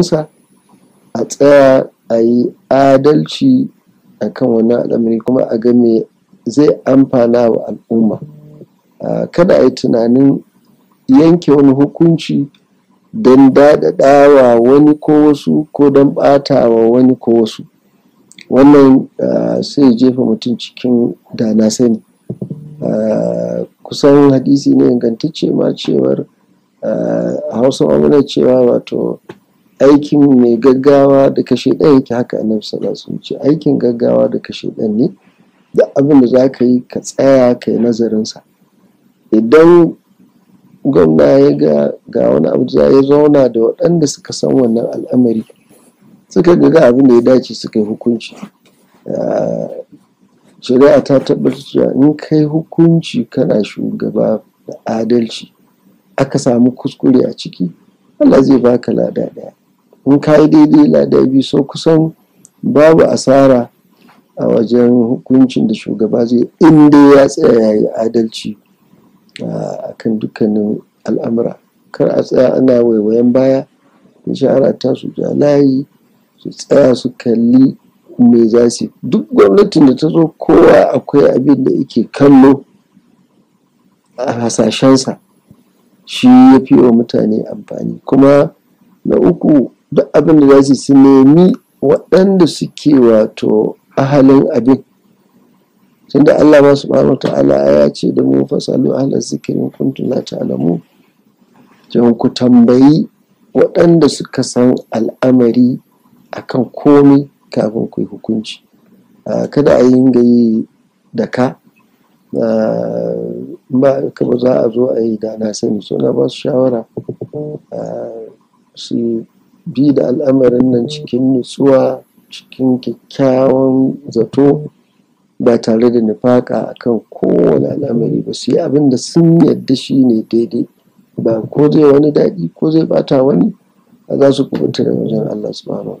kansa a tsaya a yi adalci a kan wani al'amari kuma a ga me zai amfana wa al'umma kada a yi tunanin yanke wani hukunci don daɗaɗawa wani ko wasu ko don ɓata wa wani ko wasu wannan sai jefa mutum cikin da na sani kusan hadisi ne ingantacce ma cewar a hausa cewa wato aikin mai gaggawa da kashe ɗaya yake haka annabi sallallahu alaihi ce aikin gaggawa da kashe ɗan ne da abin da za ka yi ka tsaya ka yi nazarinsa idan gwamna ya ga ga wani abu da ya zauna da waɗanda suka san wannan al'amari suka ga abin da ya dace suka yi hukunci ah, shari'a ta tabbatar cewa in kai hukunci kana shugaba da adalci aka samu kuskure a ciki Allah zai baka lada ɗaya in ka yi daidai lada biyu so kusan babu asara a wajen hukuncin da shugaba zai inda ya tsaya ya yi adalci a kan dukkanin al'amura kar a tsaya ana waiwayen baya in sha ta su ja layi su tsaya su kalli me za duk gwamnatin da ta zo kowa akwai abin da yake kallo a hasashensa shi ya fi wa mutane amfani kuma na uku duk abin da za su su nemi waɗanda suke wato ahalin abin da Allah ma wata ta'ala ya ce da mu fasalu ala zikirin kuntum la ta'lamu jan ku tambayi waɗanda suka san al'amari akan komai kafin ku yi hukunci kada a yi gayi da ka ba za a zo a yi da na sani so na ba su shawara su bi da al'amarin nan cikin nutsuwa cikin kyakkyawan zato ba tare da nufaka akan kowane al'amari ba su yi abin da sun yadda shi ne daidai ba ko zai wani daɗi ko zai bata wani a za su kubuta da wajen Allah subhanahu wa